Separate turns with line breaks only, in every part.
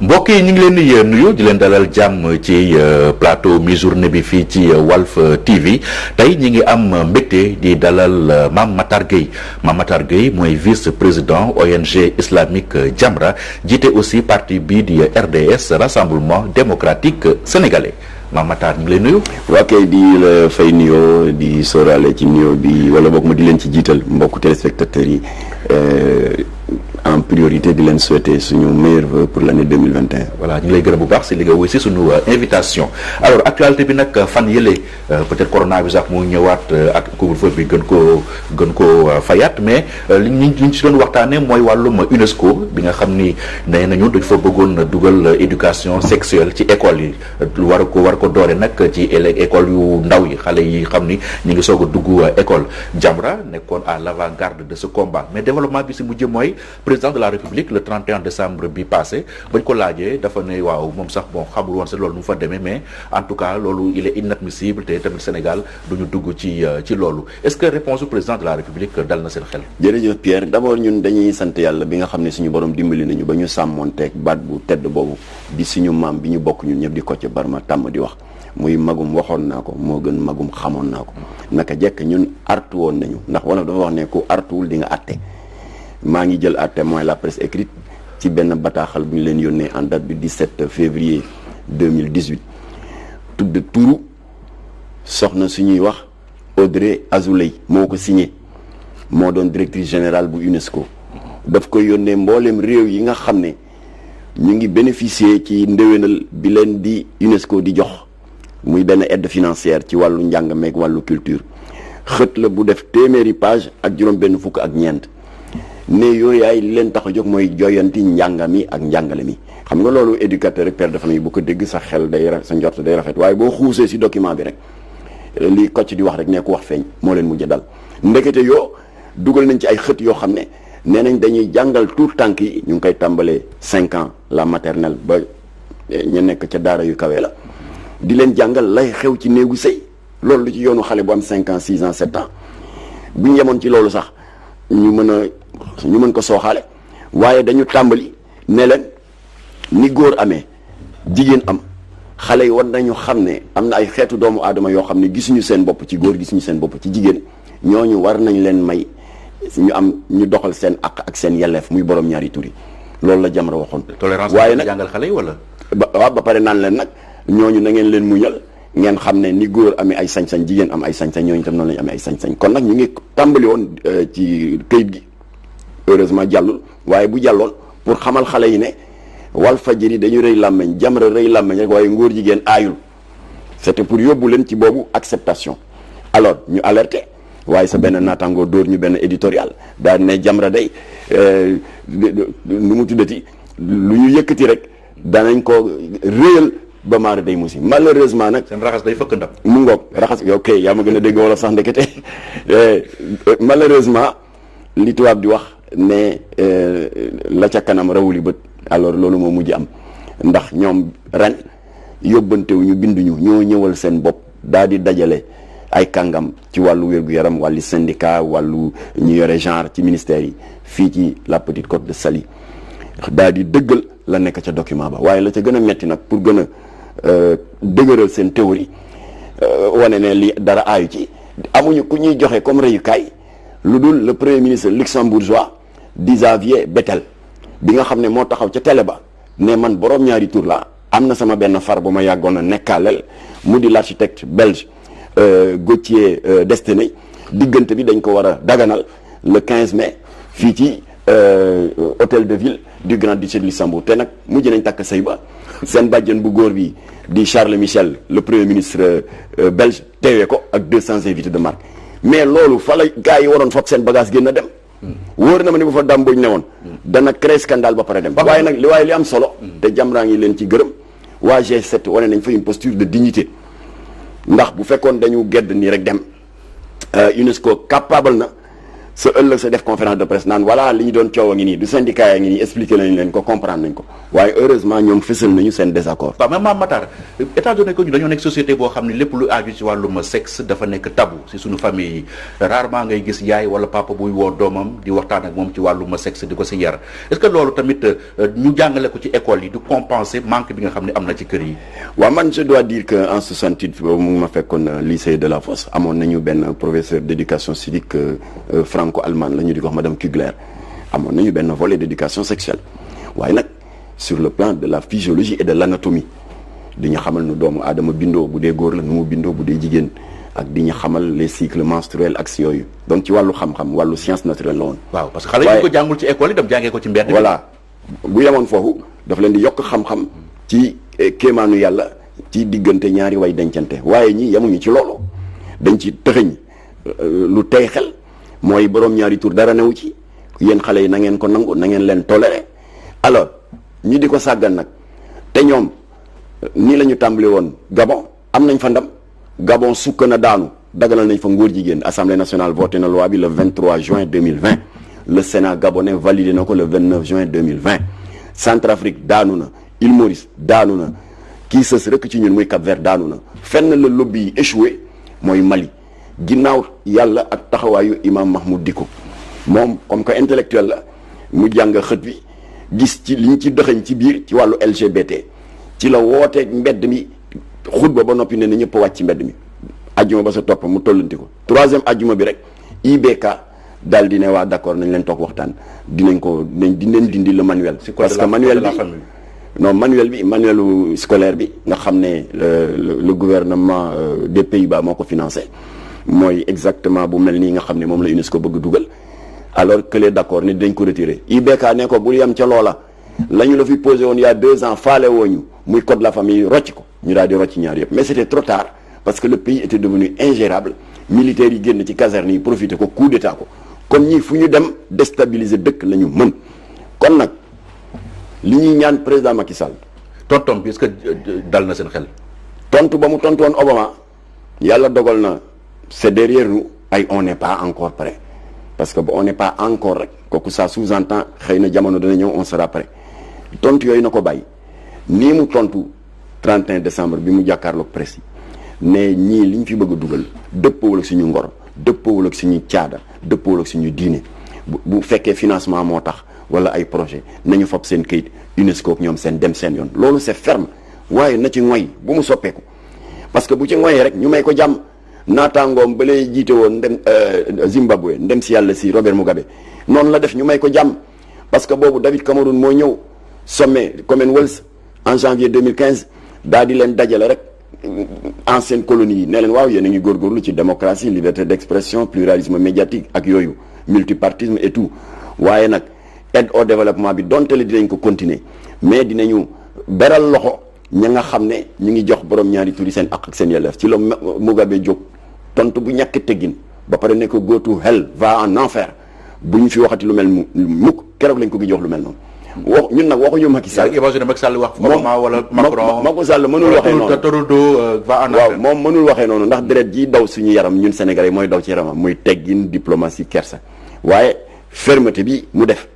mbokk yi ñu ngi leen di euh, nuyu di leen dalal jàmm ci euh, plateau mi journée bi fii ci euh, Walf TV tey ñu ngi am mbégte di dalal mam Matar Gueye Mame Matar mooy vice président ONG islamique Jamra jiite aussi parti bii di RDS Rassemblement démocratique sénégalais Mame Matar ñu ngi lay nuyu.
waa kay di la fay nuyoo di sóoraale ci nuyoo bi wala boog ma di leen ci jiital mbokku téléspectateurs yi. Euh, en priorité di leen souhaiter suñu meilleur vœu pour
l'année 2021 voilà ñu ngi lay gërëm bu baax si li nga wuy si suñu euh, invitation alors actualité bi nag fan yële euh, peut-être bi sax mu ñëwaat euh, ak couvre-feu bi gën koo gën koo fayat mais li ñu li ñu si doon waxtaanee mooy wàllum UNESCO bi nga xam ni nee nañu dañ fa bëggoon dugal éducation sexuelle ci école yi war ko war ko doore nag ci école yu ndaw yi xale yi xam ni ñu ngi soog a dugg école Jamra nekkoon à l'avant-garde de ce combat mais développement bi si mujj mooy président de la république le 31 décembre bi passé bañ ko laajee dafa ne waaw moom sax bon xamul woon sa loolu nu mu fa demee mais en tout cas loolu il est inadmissible te euh, ce que réponse du président de la république dal na seen
xel. jërëjëf Pierre d'abord ñun dañuy sant yàlla bi nga xam ne suñu borom dimbali nañu ba ñu sàmmoonteeg baat bu tedd boobu di suñu maam bi ñu bokk ñun ñëpp di Kocc Barma tàmm di wax. muy magum waxoon naa ko moo gën magum xamoon naa ko naka jekk ñun artu woon nañu ndax wala dafa wax ne ku artuwul di nga atte maa ngi jël à témoin la presse écrite ci benn bataaxal bu ñu leen yónnee en date du 17 février 2018 tudd turu soxna suñuy wax Audrey Azoulay moo ko signé moo doon directrice générale bu UNESCO daf koy yónnee mbooleem réew yi nga xam ne ñu ngi bénéficier ci ndéwénal bi leen di UNESCO di jox muy benn aide financière ci wàllu njàng meeg wàllu culture xët la bu def téeméeri page ak juróom benn fukk ak ñeent ne yooyu yaay leen tax a jóg mooy joyanti njàng mi ak njàngale mi xam nga loolu éducateur ak père de yi bu ko dégg sa xel day sa njort day rafet waaye boo xuusee si document bi rek lii kocc di wax rek ne ku wax feeñ moo leen mujj dal ndekete yoo dugal nañ ci ay xët yoo xam ne nee nañ dañuy jàngal tout tànk yi ñu ngi koy tàmbalee cinq ans la maternelle ba eh, ñu nekk ca daara yu kawee la di leen jàngal lay xew ci néegu sëy loolu lu ci yoonu xale bu am cinq ans six ans sept ans bu ñu yemoon ci loolu sax ñu mën a ñu mën ko sooxaale waaye dañu tàmbali ne leen ni góor amee jigéen am xale yi war nañu xam ne am na ay xeetu doomu aadama yoo xam ne gisuñu seen bopp ci góor gisuñu seen bopp ci jigéen ñoo ñu war nañ leen may ñu am ñu doxal seen àq ak seen yelleef muy borom ñaari tur loolu la Jamra waxoon. tolérance waaye nag jàngal xale yi wala. ba ba pare naan leen nag ñooñu na ngeen leen muñal ngeen xam ne ni góor amee ay sañ-sañ jigéen am ay sañ-sañ tam noonu lañu amee ay sañ-sañ kon nag ñu ngi tàmbali woon euh, ci këyit gi heureusement jàllul waaye bu jàlloon pour xamal xale yi ne Walfadjri dañu rëy làmmeñ Jamra rëy làmmeñ rek waaye ngóor jigéen aayul c'était pour yóbbu leen ci boobu acceptation alors ñu alerté waaye sa benn naataango dóor ñu benn éditorial daal ne Jamra day euh, nu mu tuddati lu ñu yëkkati rek danañ ko réyal ba maara day musi malheureusement nag. seen raxas day fëkk ndab. mu ngoog raxas ok yaa ma gën a dégg wala sax ndekete eh, eh, malheureusement li tubaab di wax ne eh, la ca kanam rawuli bët alors loolu moo mujj am ndax ñoom ren yóbbantewuñu binduñu ñoo ñëwal seen bopp daal di dajale ay kàngam ci wàllu wér-gu-yaram wàllu syndicat wàllu ñu yore genre ci ministère yi fii ci la petite côte de Saly daal di dëggal la nekk ca document ba waaye la ca gën a metti nag pour gën a Euh, dëgëral seen théorie euh, wane ne li dara aayu ci amuñu ku ñuy joxe comme reyukaay lu dul le premier ministre luxembourgeois Xavier Bettel bi nga xam ne moo taxaw ca télé ba ne man borom ñaari tour la am na sama benn far bu ma yàggoon a nekkaaleel mu di l' architecte belge euh, Gauthier Destiné diggante bi dañ ko war a daganal le 15 mai fii ci hôtel de ville du Grand Duché de Luxembourg te nag mujj nañ takk sëy ba seen bàjjen bu góor bi di Charles Michel le premier ministre euh, belge teewee ko ak deux cents invités de marque mais loolu fa la gars yi waroon fab seen bagage génn dem wóor na ma ni bu fa dàmbooj ne woon dana créer scandale ba pare dem waaye nag li waaye li am solo mm. te Jamra ngi leen ci gërëm waa G7 wane nañ fa une posture de dignité ndax bu fekkoon dañu gedd nii rek dem euh, UNESCO capable na su ëllëg sa def conférence de presse naan voilà li ñu doon coow a ngi nii du syndicat yaa ngi nii expliqué nañ leen ko comprendre nañ ko waaye heureusement ñoom fësal nañu seen désaccord waaw même Mame Matar
état donné que dañoo nekk société boo xam ne lépp lu aaju ci wàllum sexe dafa nekk tabou si suñu famille yi rarement ngay gis yaay wala papa buy woo doomam di waxtaan ak moom ci wàllum sexe di ko si yar est-ce que loolu tamit euh, ñu jàngale ko ci école yi du compenser manque bi nga xam ne am na ci kër yi
waaw man je dois dire que en 68 boobu mu ma euh, franco-allemande la ñu di ko wax madame Kugler amoon nañu benn volet d'éducation sexuelle waaye nag sur le plan de la physiologie et de l'anatomie di ñu xamal nu doomu aadama bindoo bu dee góor la nu mu bindoo bu dee jigéen ak di ñu xamal les cycles menstruels ak si yooyu donc ci wàllu xam-xam wàllu science naturelle la woon. waaw parce que xale yi ko
jàngul ci école yi dem jàngee ko ci
di yokk xam-xam ci eh, kéemaanu yàlla ci diggante ñaari way dencante waaye ñi yemuñu ci loolu dañ ci tëxëñ euh, lu tey xel. mooy borom ñaari tur dara newu ci yéen xale yi na ngeen ko nangu na ngeen leen toléré alors ñu di ko sàggan nag te ñoom nii la ñu tàmbali woon Gabon am nañ fa ndam Gabon sukk na daanu daganal nañ fa ngóor jigéen assemblée national voté na loi bi le 23 juin 2020 le Sénat gabonais validé na ko le 29 juin 2020 Centrafrique daanu na Île Maurice daanu na kii sës rek ci ñun muy Cap-Vert daanu na fenn la lobby yi échoué mooy Mali ginnaaw yàlla ak taxawaayu imam Mahmoud Dicko moom comme que intellectuel la mu jàng xët wi gis ci liñ ci dëxëñ ci biir ci wàllu LGBT ci la wooteeg mbedd mi xutba ba noppi ne na ñëpp wàcc ci mbedd mi ajjuma ba sa topp mu tollanti ko troisième ajjuma bi rek IBK daal di ne waa d'accord nañ leen toog waxtaan dinañ ko dinañ dinañ dindi le manuel parce que manuel bi non manuel bi manuelu scolaire bi nga xam ne le gouvernement euh, des pays baa moo ko financé mooy exactement bu mel nii nga xam ne moom la UNESCO bëgg dugal alors que les d'accord ni dañ ko retiré IBK ne ko bul yem ca loola la ñu la fi posé woon il y a deux ans faale wooñu muy code la famille rocc ko ñu daal di rocc ñaar yëpp mais c'était trop tard parce que le pays était devenu ingérable militaires yi génn ci caserne yi profité ko coup d'état ko kon ñi fu ñu dem déstabiliser dëkk la mën kon nag li ñuy ñaan président Macky Sall. tontom bi est-ce euh, euh, dal na seen xel. yàlla dogal na c'est derrière nous ay on n'est pas encore prêt parce que bu on n'est pas encore rek kooku ça sous-entend xëy na jamono dana ñëw on sera prêt tontu yooyu na ko bàyyi nii mu tontu 31 décembre bi mu jàkkaarloog presse yi mais ñii li ñu fi bëgg a dugal dëppoowul ak suñu ngor dëppoowul ak suñu caada dëppoowul ak suñu diine bu bu fekkee financement moo tax wala ay projet ñu fab seen këyit UNESCO ak ñoom seen dem seen yoon loolu c'est ferme waaye na ci ngoy bu mu soppeeku naataangoom ba lay jiite woon ndem euh, Zimbabwe ndem si yàlla si Robert Mugabe noonu la def ñu may ko jàmm parce que boobu David Cameroun moo ñëw sommet Commonwealth en janvier 2015 daa di leen dajale rek seen euh, colonie yi ne leen waaw yéen a ngi góorgóorlu ci démocratie liberté d'expression pluralisme médiatique ak yooyu multipartisme et tout waaye nag aide au développement bi donte le dinañ ko continuer mais dinañu beral loxo ña nga xam ne ñu ngi jox borom ñaari tur seen ak seen yelleef ci la Mugabe jóg tontu bu ñàkk teggin ba pare ne ko go to hell va en enfer bu ñu fi waxati lu mel mu mukk keroog lañ ko gi jox lu mel noonu. wax ñun nag waxuñu Macky Sall. émission Macky
Sall wax. Obama wala Macron Macky Sall mënul waxee noonu
euh, waaw moom mënul waxee noonu ndax deret ji daw suñu yaram ñun sénégalais mooy daw ci yaramam muy teggin diplomatie kersa waaye fermeté bi mu def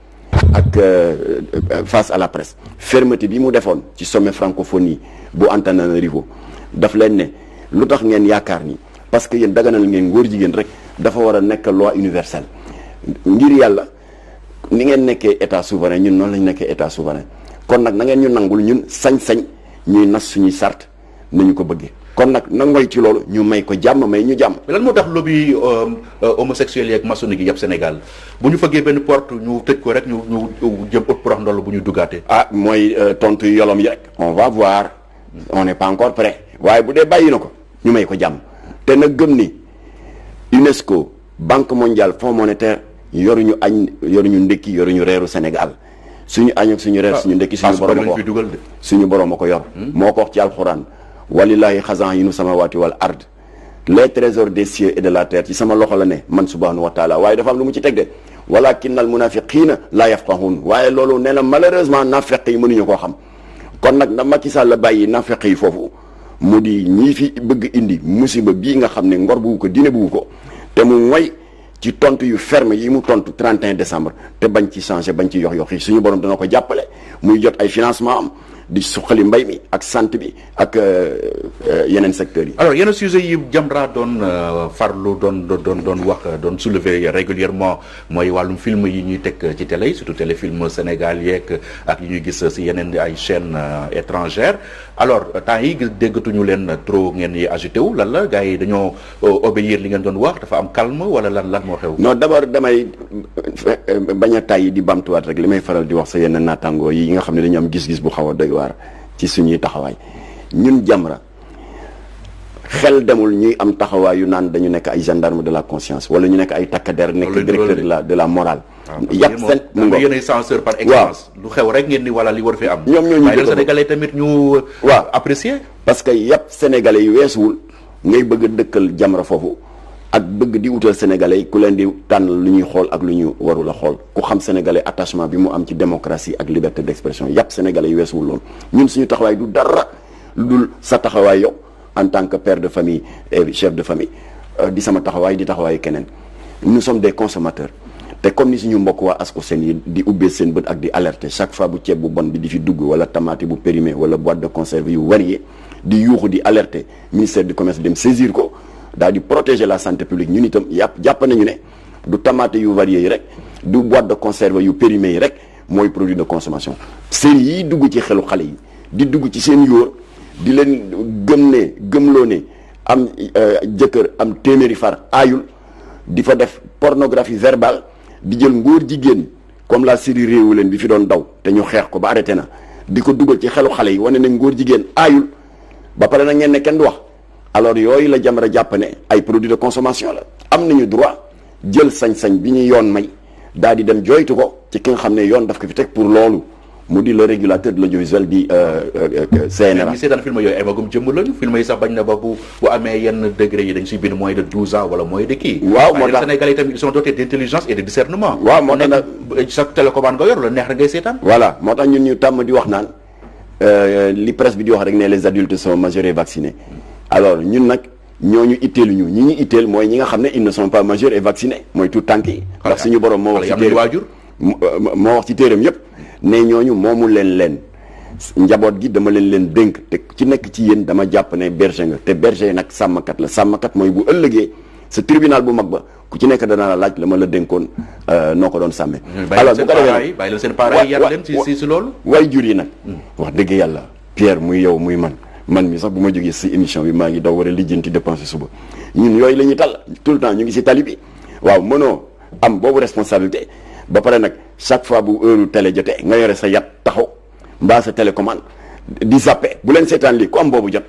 ak euh, euh, face à la presse fermeté bi mu defoon ci sommet francophonie bu Antananarivo daf leen ne lu tax ngeen yaakaar ni. parce que yéen daganal ngeen góor jigéen rek dafa war a nekk loi universelle ngir yàlla ni ngeen nekkee état souverain ñun noonu lañu nekkee état souverain kon nag na ngeen ñu nangul ñun sañ-sañ ñuy nas suñuy sart nañu ko bëggee kon nag nangoy ci loolu ñu may ko jàmm may ñu jàmm. lan moo tax lobby euh, euh, homosexuel yeeg maçonnique yi yëpp Sénégal bu ñu fëggee benn porte ñu tëj ko rek ñu ñu jëm ëpp prox ndoll bu ñuy duggaatee. ah mooy euh, tontu yolom yi rek. on va voir waaye bu dee bàyyi na ko ñu may ko jàmm. te nag gëm ni UNESCO banque mondiale fonds monétaire yoruñu añ yoruñu ndékki yoruñu reeru Sénégal suñu añ ak suñu reer suñu ñu suñu borom a ko suñu borom a ko yor hmm? moo ko ci alxuraan walilaahi xasan yi nu samawaati wal ard les trésors des cieux et de la terre ci sama loxo la ne man subhanahu wa taala waaye dafa am lu mu ci teg de walakin al munafiqiina laa yafqahuun waaye loolu nee na malheureusement naafeq yi mënuñu koo xam kon nag na Macky Sall la bàyyi naafeq yi foofu mu di ñii fi bëgg indi musiba bii nga xam ne ngor bu ko dina bu ko te mu moy ci tontu yu ferme yi mu tontu 31 décembre te bañ ci changé bañ ci yox yox yi suñu borom dana ko jàppale muy jot ay financement am di suqali mbay mi ak sant bi ak euh, euh, yeneen secteurs yi.
alors yenn sujets yi Jamra doon euh, farlu doon doon doon wax doon soulever régulièrement mooy wàllum film yi ñuy teg ci télé yi surtout téléfilm Sénégal yeeg ak yi ñuy gis si yeneen ay chaînes étrangères alors temps yi déggatuñu leen trop ngeen yi agité wu lan la gars yi dañoo obéir li ngeen doon wax dafa am calme wala lan lan moo xew.
non d'abord damay bañ a tàyyi di bamtuwaat rek li may faral di wax sa yenn naataangoo yi nga xam ne dañu xaw a doy waar ci suñuy taxawaay ñun Jamra xel demul ñuy am taxawaay yu naan dañu nekk ay gendarme de la conscience wala ñu nekk ay takkader nekk directeur de la de la morale ah, yàpp seen mu ngoog yéen ay censeur par excellence lu xew
wala li war fi am ñoom ñoo ñu
ñu waaw euh, apprécier parce que yàpp sénégalais yi weesuwul ngay bëgg a dëkkal Jamra foofu ak bëgg di wutal sénégalais yi ku leen di tànn lu ñuy xool ak lu ñu warul a xool ku xam sénégalais attachement bi mu am ci démocratie ak liberté d'expression yàpp sénégalais yi weesuwul lool ñun suñu taxawaay du dara lu dul sa taxawaay yow en tant que per de famille et chef de famille euh, di sama taxawaay di taxawaayu keneen nous sommes des consommateurs te comme ni suñu mbokk waa Ascosen yi di ubbee seen bët ak di alerte chaque fois bu ceeb bu bon bi di fi dugg wala tamaate bu périmé wala boîte de conserve yu varié di yuuxu di alerter ministère du commerce dem saisir ko daal di protéger la santé publique ñun itam yàpp jàpp nañu ne du tamaate yu varié yi rek du boîte de conserver yu périmer yi rek mooy produit de consommation série yi dugg ci xelu xale yi di dugg ci seen yóor di leen gëm ne gëmloo ne am euh, jëkkër am téeméeri far aayul di fa def pornographie verbale di jël ngóor jigéen comme la série réewu leen bi fi doon daw te ñu xeex ko ba arrêté na di ko duggal ci xelu xale yi wane ne ngóor jigéen aayul ba pare na ngeen ne kenn du wax alors yooyu la Jamra jàpp ne ay produits de consommation la am nañu droit jël sañ-sañ bi ñu yoon may daal di dem jooytu ko ci ki nga xam ne yoon daf ko fi teg pour loolu mu di le régulateur de l'audiovisuel di
euh, euh, euh, CNRA. mais seetaan film yooyu ay magum jëmm lañu film yi sax bañ na ba bu bu amee yenn degré yi dañ siy bind moins de 12 ans wala moins de kii. waaw moo tax Sénégalais tamit ils sont dotés d'intelligence et de discernement. waaw moo
tax ñu tàmm di wax naan li presse bi di wax rek ne les adultes sont majeurs et vaccinés. alors ñun nag ñoo ñooñu itteeluñu ñi ñu itteel mooy ñi nga xam ne ils ne sont pas majeurs et vaccinés mooy tout tànk yi ndax suñu borom euh, moo wax ci téeram waajur moo wax ci téeram yëpp ne ñooñu moomu leen leen njaboot gi dama leen leen dénk te ci nekk ci yéen dama jàpp ne berger nga te berger nag sàmmkat la sàmmkat mooy bu ëllëgee sa tribunal bu mag ba ku ci nekk dana la laaj la ma la dénkoon euh, noo ko doon sàmmee alors bu ko defee bàyyi
leen seen parents yi yar leen ci ci loolu
waay jur yi nag hmm. wax dëgg yàlla Pierre muy yow muy man man mi sax bu ma jógee si émission bi maa ngi daw war a lijjanti dépense suba ñun yooyu la ñuy tal tout le temps ngi si tali bi waaw mënoo am boobu responsabilité ba pare nag chaque fois bu heure télé jotee nga yore sa yat taxaw mbaa sa télécommande di zappe bu leen seetaan lii ku am boobu jot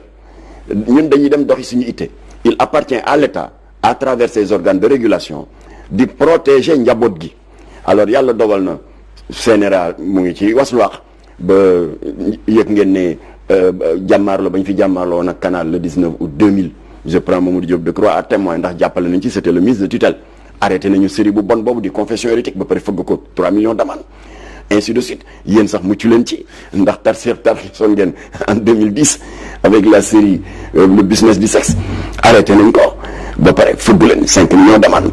ñun dañuy dem doxi suñu itte il appartient à l'État à travers ses organes de régulation di protéger njaboot gi alors yàlla dogal na CNRA mu ngi ci wasluwaax ba yëg ngeen ne Euh, jàmmaarloo ba ñu fi jàmmaarloo woon ak canal le 19 août 2000 je prends Mamadou ndax jàppale nañ ci c'était le ministre de tutelle arrêté nañu série bu bon boobu di confession hérétique ba pare fëgg ko 3 millions d'amende ainsi de la euh, business du sexe arrêté nañ ko ba pare fëgg leen 5 millions d'amende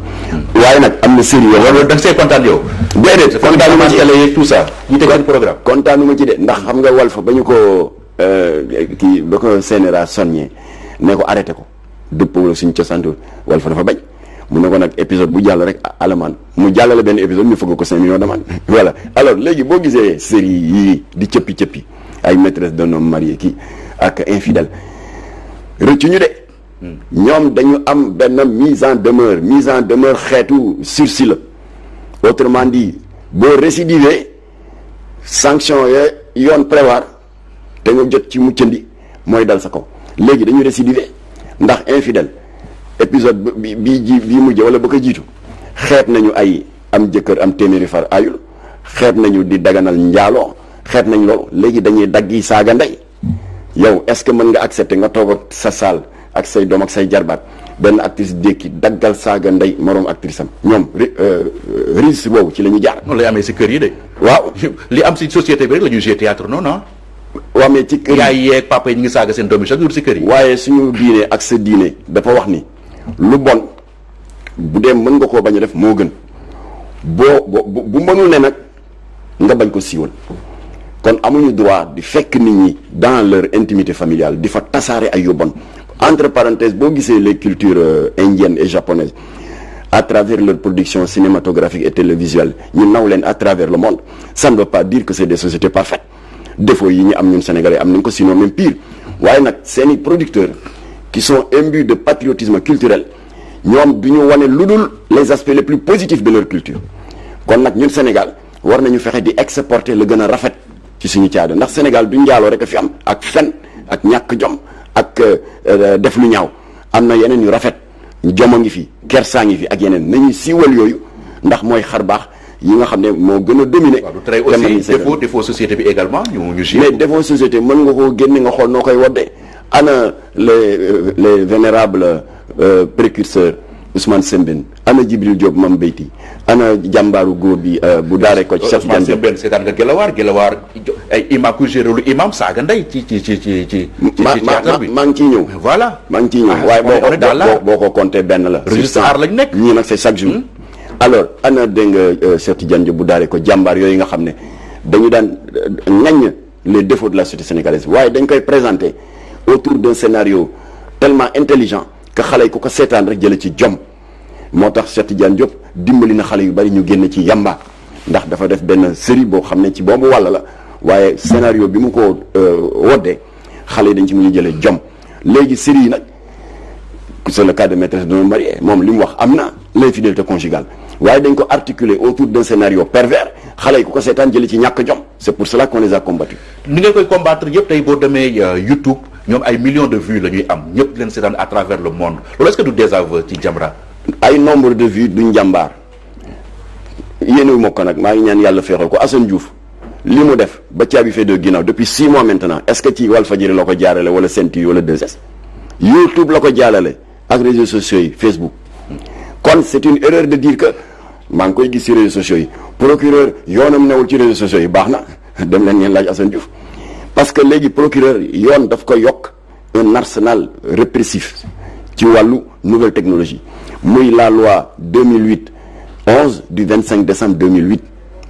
waaye nag am na série yoo loolu da nga see kontaan yow déedéet kontaanuma ci tout ci de ndax xam nga Walf ba ñu ko Euh, kii ba ko CNRA soññee ne ko arrêté ko dëppoo la suñu cosaan Walf dafa bañ mu ne ko nag épisode bu jàll rek ah, alamaan mu jàllale benn épisode ñu fëgg ko 5 millions d'amende voilà alors léegi boo gisee série yii di cëppi cëppi ay maîtresse d'un homme marié kii ak infidèle rëccu ñu de hmm. ñoom dañu am benn mise en demeure mise en demeure xeetu sursis la autrement dit boo récidivé sanction yooyu yoon prévoir te nga jot ci muccandi mooy dal sa ko léegi dañu récidiver ndax infidèle épisode bi bii ji bii mujj wala ba ko jiitu xeet nañu ay am jëkkër am téeméeri far ayul xeet nañu di daganal njaaloo xeet nañ loolu léegi dañuy daggi saaga ndey yow est-ce que mën nga accepter nga toog ak sa saal ak say doom ak say jarbaat benn actrice dékki daggal saaga ndey moroom actrice am ñoom euh, risque boobu ci la ñu jaar. noonu lay amee si kër yi de. waaw li am si société bi rek la ñuy jouer théâtre non waa mais ci kër yi yaay ñu ngi saaga seen doom yi chaque jour si kër yi. waaye ak sa diine dafa wax ni lu bon bu dee mën nga koo bañ a def moo gën boo bu bu mënul ne nag nga bañ ko siiwal kon amuñu droit di fekk nit ñi dans leur intimité familiale di fa tasaare ay yu bon entre parenthèses boo gisee les cultures euh, indiennes et japonaises à travers leur production cinématographique et télévisuelle ñu naw leen à travers le monde ça ne veut pas dire que c'est des sociétés parfaites défauts yi ñu am ñun sénégalais am nañ ko sinon même pire waaye nag seeni producteurs qui sont imbus de patriotisme culturel ñoom du ñu wane lu dul les aspects les plus positifs de leur culture kon nag ñun Sénégal war nañu fexe di exporter la gën a rafet ci suñu caada ndax Sénégal du njaaloo rek a fi am ak fen ak ñàkk jom ak euh, euh, def lu ñaaw am na yeneen yu rafet jom a ngi fi saa ngi fi ak yeneen nañuy siiwal yooyu ndax mooy xar baax yi nga xam ne moo gën a dominé. te aussi défaut
défaut société bi également ñu ñu. mais
défaut société mën nga koo génne nga xool noo koy woddee ana les euh, les vénérables euh, précurseurs Ousmane Sembène ana Djibril Diop Mame Beyti ana jàmbaaru góor bi euh, bu daaree ko ci Cheikh Tidiane Diop Ousmane Sembène seetaan nga Gelawaar Gelawaar ay imam ku géré lu imam saaga ndey ci ci ci ci ci. ma maa ngi ciy ñëw. voilà maa ngi ciy ah, waaye boo ko boo ko compté benn la. sur cent registre aar lañ nekk ñii nag c'est chaque jour. Hmm? alors ana dégg nga euh, Cheikh Tidiane bu daare ko jàmbaar yooyu nga xam ne dañu daan euh, ŋaññ les défauts de la société sénégalaise waaye dañ koy présenter autour d'un scénario tellement intelligent que xale yi ku ko seetaan rek jële ci jom moo tax Cheikh Tidiane Diop dimbali na xale yu bari ñu génn ci yamba ndax dafa def benn série boo xam ne ci boobu wàll la waaye scénario bi mu ko euh, woddee xale yi dañ ci mu ñu jëlee jom léegi série yi nag c'est le cas de moom li mu wax am na l'infidélité conjugale waaye dañ ko articuler autour d'un scénario pervers xale yi ko seetaan jëli ci ñàkk jom c'est pour cela qu'on les a combattus ni nga koy combattre
yëpp tey boo demee euh, YouTube ñoom ay millions de vues la ñuy am ñëpp leen seetaan à travers le monde loolu
est-ce que du désaveu ci Jamra ay nombre de vie duñ jàmbaar yéenewu ma ko nag maa ngi ñaan yàlla feexal ko Assane Diouf li mu def ba caabi fee de ginnaaw depuis six mois maintenant que ci Walfadjri la ko jaarale wala Sen TV wala 2 la ko jaarale ak réseaux sociaux yi Facebook kon c'est une erreur de dire que maa ngi koy gis ci réseaux sociaux yi procureur yoonam newul ci réseaux sociaux yi baax na dem leen ngeen laaj Assane Diouf parce que léegi procureur yoon daf ko yokk un arsenal répressif ci wàllu nouvelle technologie muy la loi 2008 11 du 25 décembre 2008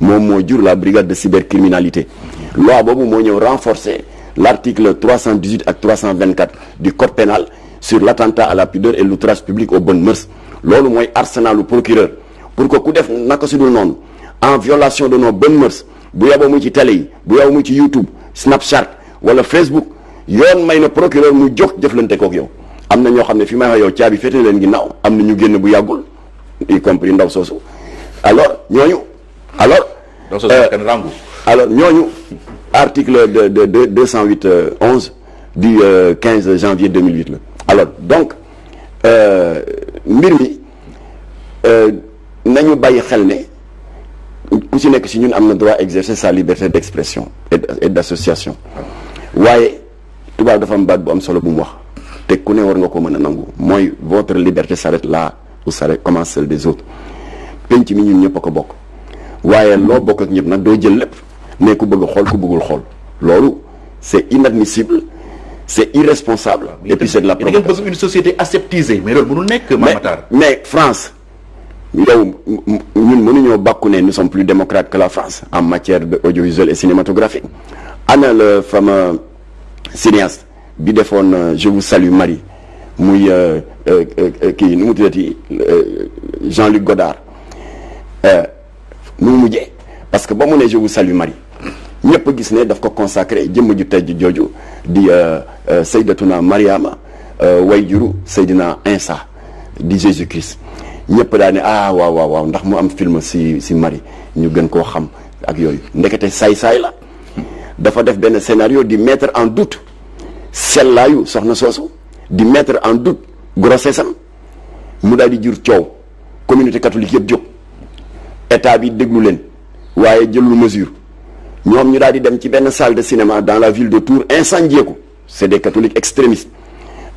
moom moo jur la brigade de cybercriminalité loi boobu moo ñëw renforcer l'article 318 ak 324 du code pénal sur l'attentat à la pudeur et l'outrage public aux bonnes mœurs loolu mooy arsenalu procureur pour que ku def naka su dul noonu en violation de nos bonnes mœurs bu yaboo mu ci télé yi bu yaboo mu ci YouTube Snapchat wala Facebook yoon may na procureur mu jox jëflante kook yow am na ñoo xam ne fi may wax yow caabi féete leen naw am na ñu génn bu yàggul y compris ndaw soosu alors ñooñu alors euh, alors ñooñu article de de deux cent huit euh, onze du euh, quinze janvier deux mille huit la alors donc euh, mbir mi euh, nañu bàyyi xel ne ku si nekk si ñun am na droit exercer sa liberté d'expression et d'association waaye tubaab dafa am baat bu am solo bu mu wax te ku ne war nga ko mën a nangu mooy votre liberté s'arrête là ou s'arrête commence celle des autres penc mi ñun ñëpp a ko bokk waaye loo bokk ak ñëpp nag doo jël lépp ne ku bëgg xool ku bëggul xool loolu c'est inadmissible c'est irresponsable. et puis c'est de la provocation da
ngeen bëgg une société aseptisée mais loolu mënul nekk. Mamatar
mais France. yow ñun mënuñoo bàkku ne nous sommes plus démocrates que la France en matière de audiovisuel et cinématographique ana le fameux cinéaste bi defoon euh, je vous salue Marie muy euh, euh, kii nu mu tuddati Jean-Luc Godard nu mu mujjee parce que ba mu ne je vous salue Marie. ñëpp gis ne daf ko consacré jëmm ju tejj jooju di euh, euh, saydatuna mariama euh, way juru saydina insa di jésus christ ñëpp daa ne ah waaw waaw waaw ndax mu am film si si Marie ñu gën koo xam ak yooyu ndekete saay-saay la dafa def benn scénario di mettre en doute sellaayu soxna soosu di mettre en doute grossesse mu daal di jur coow communauté catholique yëpp jóg état bi déglu leen waaye jëlul mesure ñoom ñu daal di dem ci benn salle de cinéma dans la ville de Tours incendié ko c'est des catholiques extrémistes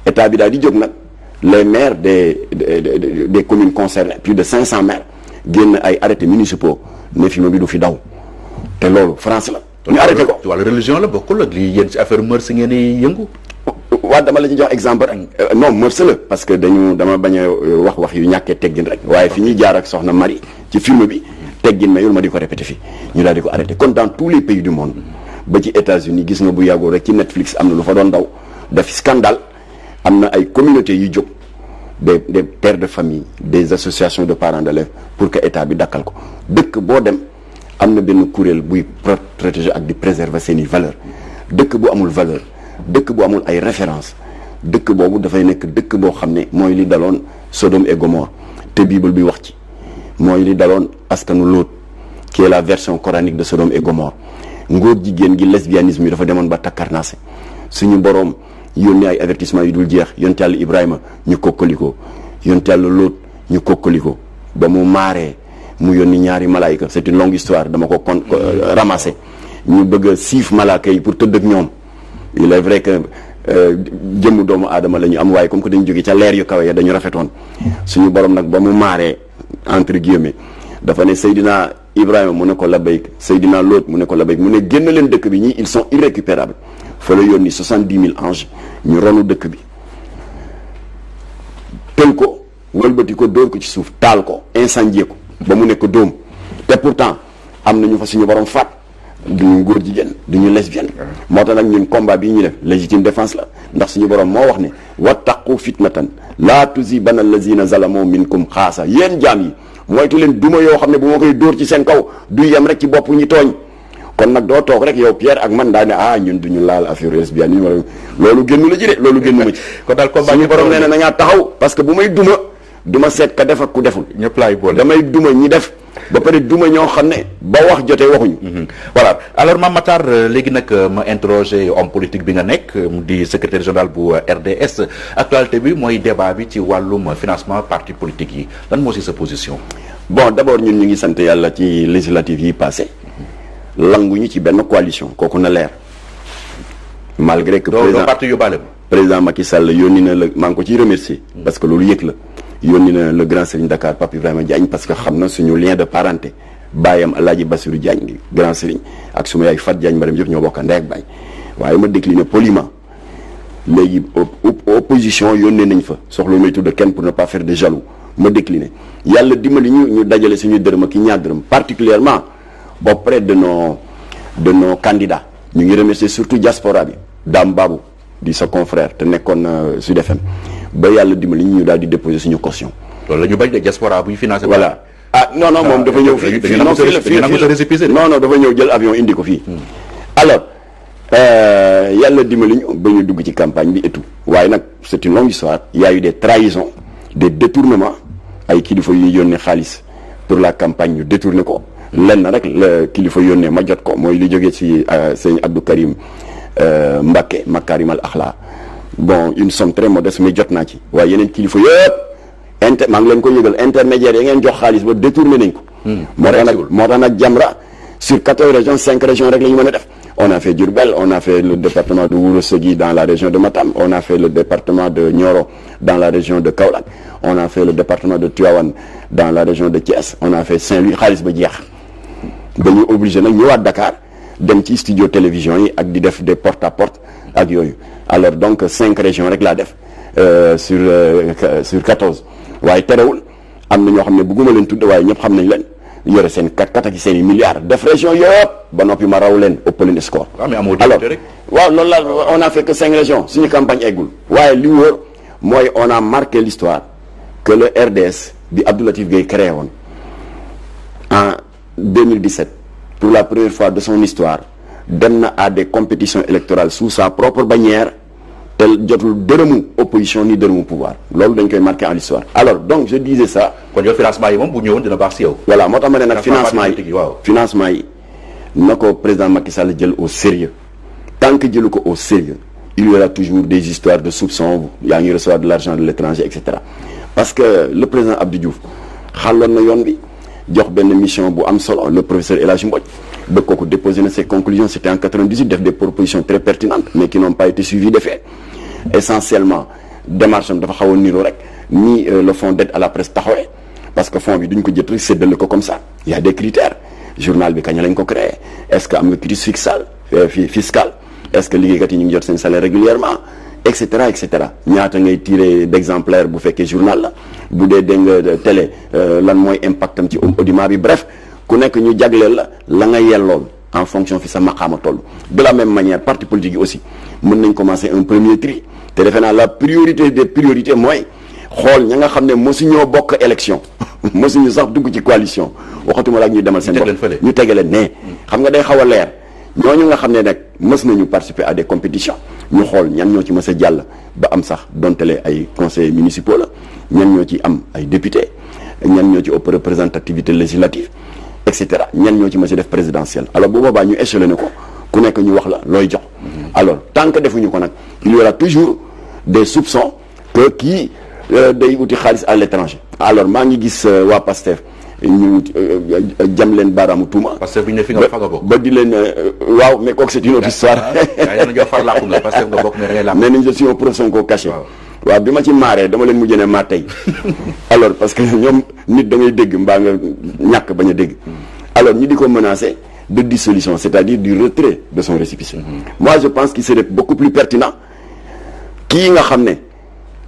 état bi daal di jóg nag les maires de des communes concernées plus de cinq 500 maires génn ay arrêtés municipaux ne film bi du fi daw te loolu France la. ñu arrêté ko wàllu religion la bokkul ak li yéen ci
affaire mœurs ngeen di yëngu. waaw dama la ñuy jox exemple rek
euh, non mœurs la parce que dañu dama bañ euh, wax wax yu ñàkkee teggin rek. waaye fi ñuy jaar ak soxna mari ci film bi. teggin mayul ma di ko répété fii ñu daal di ko arrêté kon dans tous les pays du monde ba ci États-Unis gis nga bu yàggoo rek ci Netflix am na lu fa doon daw def scandale am na ay communauté yu jóg des des pères de famille des associations de parents d'élèves pour que état bi dakkal ko dëkk boo dem am na benn kuréel buy protéger ak di préserver seeni valeur dëkk bu amul valeur dëkk bu amul ay référence dëkk boobu dafay nekk dëkk boo xam ne mooy li daloon Sodome et te Bible bi wax ci mooy li daloon askanu Lóot qui la version coranique de Sodome et Gomorrhe ngóor jigéen gi lesbianisme yi dafa demoon ba takkarnaase suñu boroom yónni ay avertissement yu dul jeex yonte yàlla Ibrahima ñu kokkalikoo yonte yàlla Lóot ñu kokkalikoo ba mu maaree mu yónni ñaari malaayika c'est une longue histoire dama ko kon ramassé ñu bëgg a siif malaaka yi pour tëdd ak ñoom il est vrai que euh, jëmm doomu aadama la ñu am waaye comme que dañu jóge ca leer yu kawe ya dañu rafetoon suñu borom nag ba mu entre guillemets dafa ne Seydina Ibrahima mu ne ko labayk Seydina Lot mu ne ko labayk mu ne génn leen dëkk bi ñii ils sont irrécupérables fa la yoon ni soixante-dix mille anges ñu ronu dëkk bi tël ko wëlbati ko dóor ko ci suuf taal ko incendier ko ba mu nekk doom te pourtant am na ñu fa suñu borom faat duñu góor jigéen ñu lesbienne moo tax nag ñun combat bi ñu def légitime défense la ndax suñu borom moo wax ne wat wattaqu fitnatan laa tusibanna allazina zalamu minkum xaasa yéen jaam yi moytu leen duma yoo xam ne bu ma koy dóor ci seen kaw du yem rek ci bopp ñi tooñ kon nag doo toog rek yow Pierre ak man daa ne ah ñun du ñu laal affaire lesbienne yi wala loolu génnu la ci de loolu génnu ma ci kon daal combat suñu borom nee na na taxaw parce que bu may duma ma seet ka def ak ku deful ñëpp laay boole damay duma ñi def ba pare duma ñoo xam
ne ba wax jotee waxuñu. Mhm. voilà alors ma Matar euh, léegi nag euh, ma interroger homme politique bi nga nekk euh, mu di secrétaire général bu RDS actualité bi mooy débat bi ci wàllum financement parti politique yi lan moo si sa position.
bon d' ñun ñu ngi sant yàlla ci législative yi passé languñu ci benn coalition kooku na leer. malgré que président parti yóbbaale président Macky Sall yónni na la maa ngi ko ci remercier parce que loolu yëg la. yónni na le grand serigne Dakar Pape Ibrahima Diagne parce que xam na suñu lien de parenté baayam Alaaji Basiru Diagne grand serigne ak suma yaay Fat Diagne Maram Diop ñoo bokk ndey ak baay waaye ma décliné poliment léegi opposition yónnee nañ fa soxla may tudd kenn pour ne pas faire de jaloux ma décliné yàlla dimbali ñu ñu dajale suñu dërëm ak i ñaar dërëm particulièrement ba près de nos de nos candidats ñu ngi remercier surtout diaspora bi Dame Babou di sa confrère te nekkoon euh, Sud FM ba yàlla dimbali ñu daal di déposer suñu caution. loolu
la ñu bañ de diaspora bu ñu financé. voilà
ah non non moom ah, dafa ñëw. fii fii non fii non non dafa ñëw jël avion indi ko fii. Hmm. alors euh, yàlla dimbali ñu ba ñu dugg ci campagne bi et waaye nag c' est une longue histoire. il y a eu des ay kilifa yu ñuy yónnee xaalis pour la campagne yu détourné ko. lenn rek la kilifa yónnee ma jot ko mooy li jógee ci euh, sëñ Abdou Karim euh, Mbacké Makarimal Akhla. bon une somme très modeste mais jot naa ci waaye yeneen kilifa yëpp inter maa ngi leen ko yëgal intermédiaire ya ngeen jox xaalis ba détourné nañ ko hmm. moo tax nag moo tax nag Jamra sur quatorze régions cinq régions rek la ñu mën a def on a fait Diourbel on a fait le département de Ourossogui dans la région de Matam on a fait le département de Nioro dans la région de Kaolack on a fait le département de Tivaouane dans la région de Thiès on a fait Saint-Louis xaalis ba jeex dañuy obligé nag ñëwaat Dakar dem ci studio yi ak di def des porte ak yooyu alors donc cinq régions rek laa def euh, sur euh, sur quatorze waaye terewul am na ñoo xam ne bëgguma leen tudd waaye ñëpp xam nañ leen yore seen kat kat ak seen i milliards def région yëpp ba noppi ma raw leen ëpp leen score. Ah, alors waaw loolu la on a fait que cinq régions suñu campagne eggul. waaye li wóor mooy on a marqué l'histoire que le RDS bi Abdou Latif Gueye créé woon en 2017 pour la première fois de son histoire. dem na à des compétitions électorales sous sa propre bannière te jotul dërëmu opposition ni dërëmu pouvoir loolu dañ koy marqué en l'histoire alors donc je disais ça.
kon yow financement yi moom bu ñëwoon dina baax si yow.
voilà moo tax ma ne nag financement yi waaw financement yi na ko président Macky jël au sérieux tant que jëlu ko au sérieux il y aura toujours des histoires de soupçons yaa ngi recevoir de l'argent de l'étranger et cetera parce que le président Abdou Diouf xàlloon na yoon bi jox benn mission bu am solo le professeur El Hadj ba kooku déposé na ses conclusions c'était en 98 def des propositions très pertinentes mais qui n'ont pas été suivies de fait essentiellement démarche dafa xaw a rek ni euh, le fonds d'aide à la presse taxawee parce que fonds bi duñ ko jët rek séddale ko comme ça il y a des critères le journal bi kañ lañ ko créé est-ce que am nga crise fiscale euh, fiscale est-ce que liggéeykat yi ñu ngi jot seen salaire régulièrement et cetera et cetera ñaata ngay tiré d'exemplaire bu fekkee journal la bu dee dégg nga euh, télé lan mooy impact am ci audimat bi bref bu nekk ñu jagleel la la nga yellool en fonction fi sa maqaama toll de la même manière parti politique yi aussi mën nañ commencer un premier tri te defe naa la priorité de priorités mooy xool ña nga xam ne mosuñoo bokk élection mosuñu sax dugg ci coalition waxatuma la ñu demal seen bopp ñu tege leen ne xam nga day xaw a leer ñooñu nga xam ne nag mës nañu participer à des compétitions ñu xool ñan ñoo ci mës a jàll ba am sax dontale ay conseillers municipaux la ñan ñoo ci am ay députés ñan ñoo ci ëpp représentativité législative et cetera ñenn ñoo ci ma a def présidentielle alors bu boobaa ñu échelonné ko ku nekk ñu wax la looy jox. Mhm. alors tant que defuñu ko nag il y aura toujours des soupçons que kii euh, day wuti xaalis à l'étranger. alors maa ngi gis euh, waa Pastef ñu euh, jam leen baaraamu tuuma. Pastef bi ñu ne ba di leen waaw mais kooku c'est une autre ah, ah, ah, la Pastef nga bokk mais da nañ je suis un professionnel koo caché. waaw bi ma ci maaree dama leen mujjee ne maa tey alors parce que ñoom. nit da ngay dégg mbaa nga ñàkk bañ a dégg mm. alors ñu di ko menacer de dissolution c'est-à-dire du retrait de son récépissé mm-hmm. moi je pense qu'il serait beaucoup plus pertinent kii nga xam ne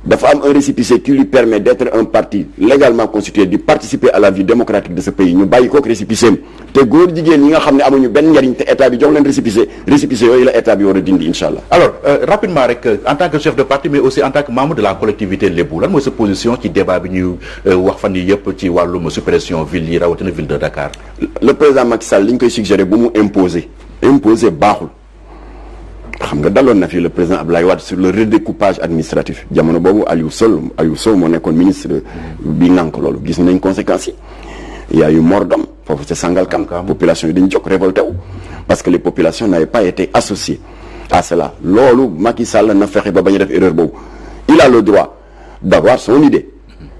dafa am un récépissé qui lui permet d'être un parti légalement constitué di participer à la vie démocratique de ce pays ñu bàyyi kook récépissé te góor jigéen ñi nga xam ne amuñu benn njariñ te état bi jox leen récépissé récépissé yooyu la état bi war a dindi insha allah
alors euh, rapidement rek euh, en tant que chef de parti mais aussi en tant que membre de la collectivité lébu lan mooy sa position ci débat bi ñuy euh, wax fan yi yëpp ci wàllum suppression
koy suggéré bu mu imposer imposer xam nga daloon na fi le président Abdoulaye Wade sur le redécoupage administratif jamono boobu Aliou sol Aliou Sow moo nekkoon ministre bi nànk loolu gis nañ conséquences yi y a eu mort d'homme sangal ca Sangalkam population yi dañ jóg révolté wu parce que les populations n'avaient pas été associées à cela loolu Macky Sall na fexe ba bañ a def erreur boobu il a le droit d'avoir son idée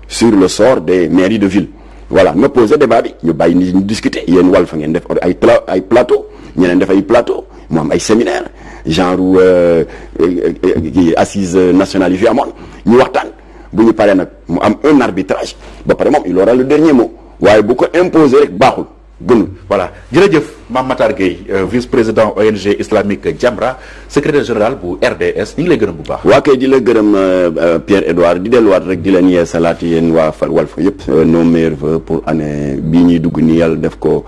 sur le sort des mairies de ville voilà nga posé débat bi ñu bàyyi nit ñu discuter yéen wàll fa ngeen def ay ay plateau ñeneen def ay plateau ay séminaire genre euh, euh, euh, assise nationale yi fi amoon ñu waxtaan bu ñu paree nag mu am un arbitrage ba pare moom il aura le dernier mot waaye bu ko imposer rek baaxul gënul
voilà jërëjëf Mame Matar Gueye vice-président ONG islamique Jamra secrétaire général bu RDS ñu ngi lay gërëm bu baax
waa kay di la gërëm Pierre Edouard di delluwaat rek di leen yee salaat yéen waa Walf yëpp nos meilleurs vœux pour année bii ñuy dugg nii yàlla def ko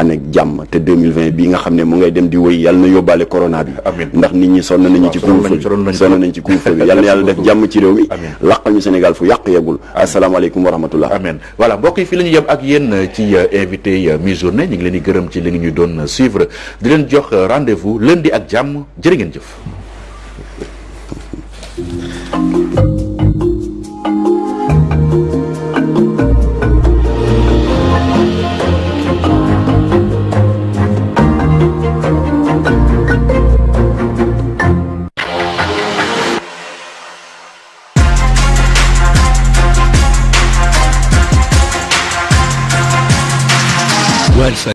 anek jàmm te 2020 bii nga xam ne mu ngay dem di wëy yàlla na yóbbaale corona bi ndax nit ñi sonn nañu ci couvre-feu bi sonn nañu ci couvre-feu bi yàlla na yàlla def jàmm ci réew mi làqal ñu Sénégal fu yàq yeggul asalaamaaleykum wa rahmatullah amen voilà yi fi
la ñu yem ak yéen ci euh, invité euh, mi-journée ñu ngi leen di gërëm ci li ngi ñu doon euh, suivre di leen jox rendez-vous di ak jàmm jërë ngeen jëf
Alpha.